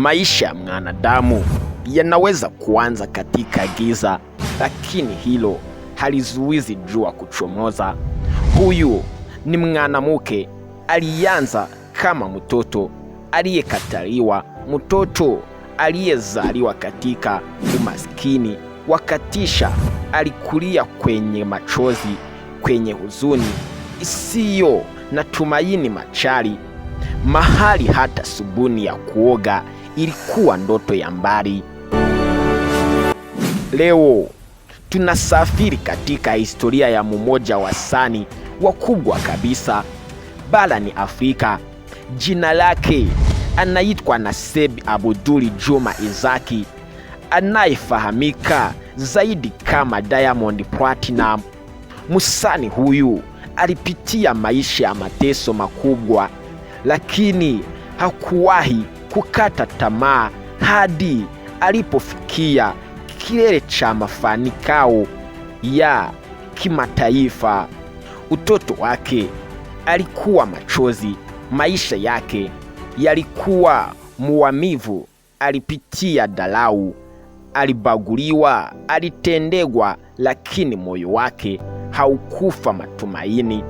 Maisha ya mwanadamu yanaweza kuanza katika giza, lakini hilo halizuizi jua kuchomoza. Huyu ni mwanamke alianza kama mtoto aliyekataliwa, mtoto aliyezaliwa katika umaskini, wakatisha alikulia kwenye machozi, kwenye huzuni isiyo na tumaini, machali mahali hata sabuni ya kuoga ilikuwa ndoto ya mbali. Leo tunasafiri katika historia ya mmoja wa sani wakubwa kabisa barani Afrika. Jina lake anaitwa Naseb abuduli Juma Izaki, anayefahamika zaidi kama Diamond Platinum. musani huyu alipitia maisha ya mateso makubwa lakini hakuwahi kukata tamaa hadi alipofikia kilele cha mafanikio ya kimataifa. Utoto wake alikuwa machozi, maisha yake yalikuwa muamivu. Alipitia dalau alibaguliwa, alitendegwa, lakini moyo wake haukufa matumaini.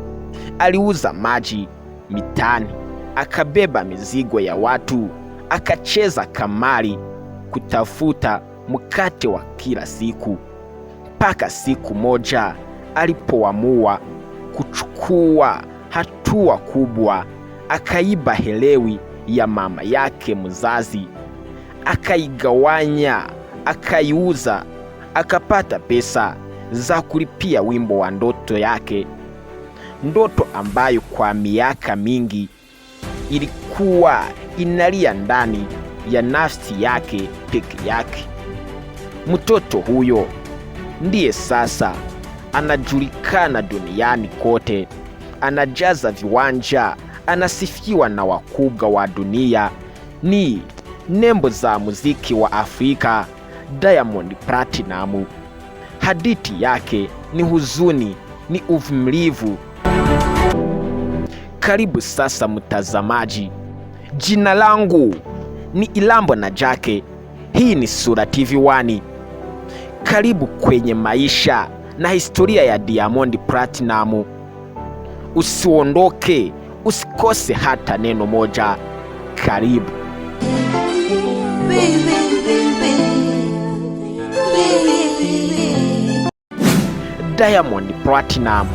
Aliuza maji mitani akabeba mizigo ya watu, akacheza kamari kutafuta mkate wa kila siku, mpaka siku moja alipoamua kuchukua hatua kubwa, akaiba helewi ya mama yake mzazi, akaigawanya, akaiuza, akapata pesa za kulipia wimbo wa ndoto yake, ndoto ambayo kwa miaka mingi ilikuwa inalia ndani ya nafsi yake peke yake. Mtoto huyo ndiye sasa anajulikana duniani kote, anajaza viwanja, anasifiwa na wakubwa wa dunia. Ni nembo za muziki wa Afrika, Diamond Platinum. Hadithi yake ni huzuni, ni uvumilivu. Karibu sasa mtazamaji, jina langu ni ilambo na Jake, hii ni Sura TV 1 Karibu kwenye maisha na historia ya Diamond Platinum. Usiondoke, usikose hata neno moja. Karibu. Diamond Platinum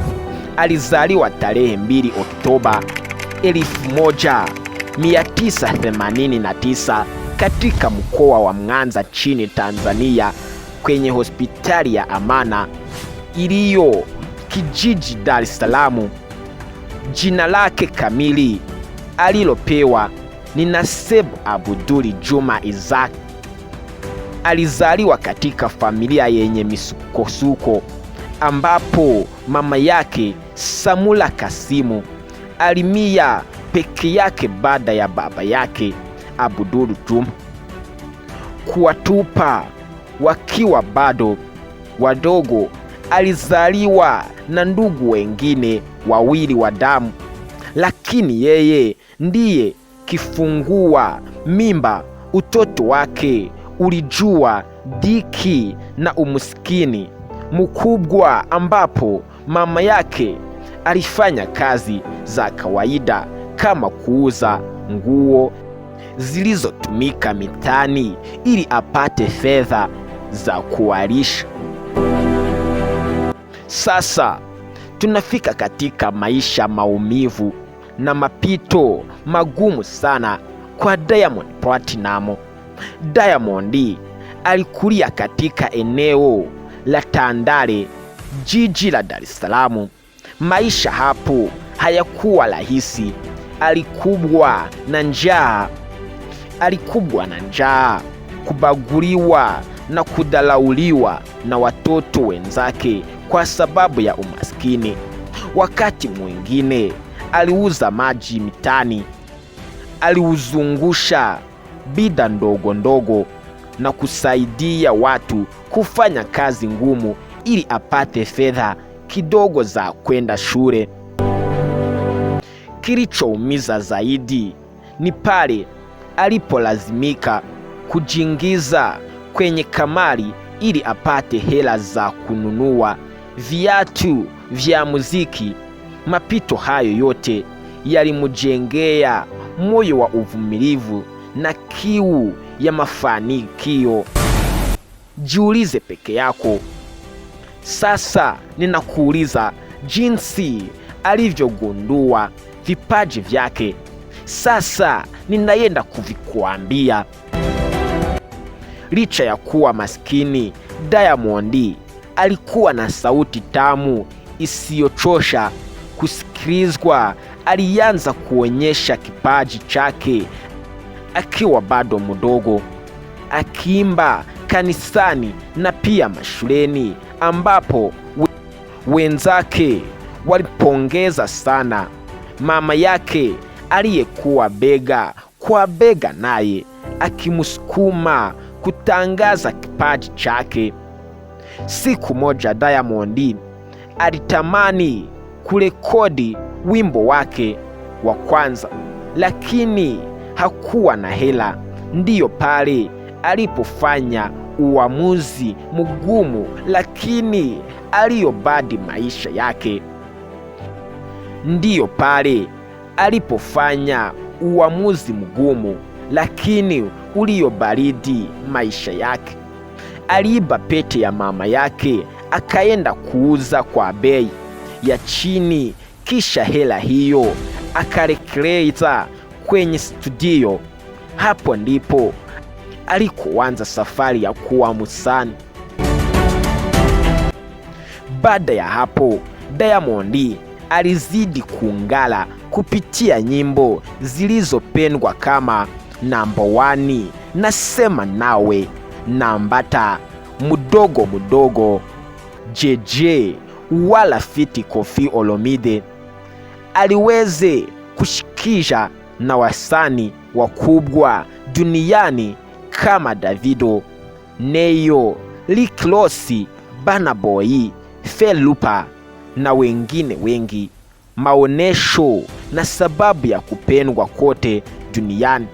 alizaliwa tarehe 2 Oktoba 1989 katika mkoa wa Mwanza chini Tanzania kwenye hospitali ya Amana iliyo kijiji Dar es Salaam. Jina lake kamili alilopewa ni Naseb Abduli Juma Isaac. Alizaliwa katika familia yenye misukosuko ambapo mama yake Samula Kasimu alimia peke yake baada ya baba yake Abdul Juma kuwatupa wakiwa bado wadogo. Alizaliwa na ndugu wengine wawili wa damu, lakini yeye ndiye kifungua mimba. Utoto wake ulijua dhiki na umaskini mkubwa ambapo mama yake alifanya kazi za kawaida kama kuuza nguo zilizotumika mitaani ili apate fedha za kuwalisha. Sasa tunafika katika maisha maumivu na mapito magumu sana kwa Diamond Platinum. Diamond alikulia katika eneo la Tandale, jiji la Dar es Salaam. Maisha hapo hayakuwa rahisi, alikubwa na njaa, alikubwa na njaa, kubaguliwa na kudhalauliwa na watoto wenzake kwa sababu ya umaskini. Wakati mwingine aliuza maji mitani aliuzungusha bidhaa ndogo ndogo na kusaidia watu kufanya kazi ngumu ili apate fedha kidogo za kwenda shule. Kilichoumiza zaidi ni pale alipolazimika kujiingiza kwenye kamari ili apate hela za kununua viatu vya muziki. Mapito hayo yote yalimjengea moyo wa uvumilivu na kiu ya mafanikio. Jiulize peke yako. Sasa ninakuuliza jinsi alivyogundua vipaji vyake. Sasa ninaenda kuvikuambia. Licha ya kuwa maskini, Diamond alikuwa na sauti tamu isiyochosha kusikilizwa. Alianza kuonyesha kipaji chake akiwa bado mdogo, akiimba kanisani na pia mashuleni, ambapo wenzake walipongeza sana. Mama yake aliyekuwa bega kwa bega naye akimsukuma kutangaza kipaji chake. Siku moja Diamond alitamani kurekodi wimbo wake wa kwanza, lakini hakuwa na hela. Ndiyo pale alipofanya uamuzi mgumu, lakini aliyobadi maisha yake. Ndiyo pale alipofanya uamuzi mgumu, lakini uliyobaridi maisha yake. Aliiba pete ya mama yake akaenda kuuza kwa bei ya chini, kisha hela hiyo akarekereza kwenye studio. Hapo ndipo alikuanza safari ya kuwa msanii. Baada ya hapo, Diamond alizidi kuungala kupitia nyimbo zilizopendwa kama namba wani, nasema nawe, nambata, mudogo mudogo JJ wala fiti Koffi Olomide aliweze kushikisha na wasani wakubwa duniani kama Davido, Neyo, Rick Ross, Burna Boy, na wengine wengi. Maonesho na sababu ya kupendwa kote duniani.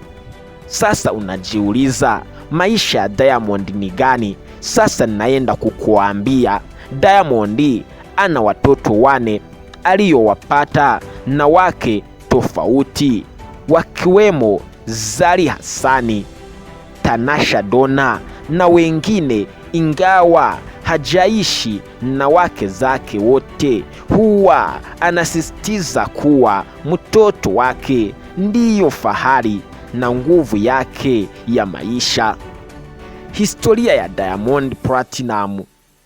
Sasa unajiuliza maisha ya Diamond ni gani? Sasa naenda kukuambia, Diamond ana watoto wane aliyowapata na wake tofauti wakiwemo Zari hasani Tanasha Dona na wengine, ingawa hajaishi na wake zake wote, huwa anasisitiza kuwa mtoto wake ndiyo fahari na nguvu yake ya maisha. Historia ya Diamond Platinum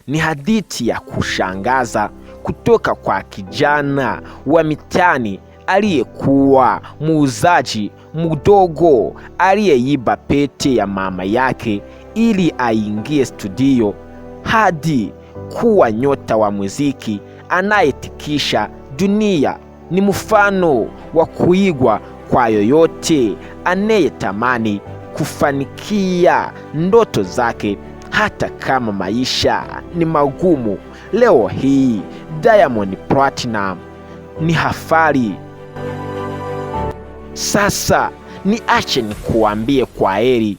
ni hadithi ya kushangaza kutoka kwa kijana wa mitaani aliyekuwa muuzaji mdogo aliyeiba pete ya mama yake ili aingie studio hadi kuwa nyota wa muziki anayetikisha dunia. Ni mfano wa kuigwa kwa yoyote anayetamani kufanikia ndoto zake hata kama maisha ni magumu. Leo hii Diamond Platinum ni hafari sasa niache nikuambie kwaheri.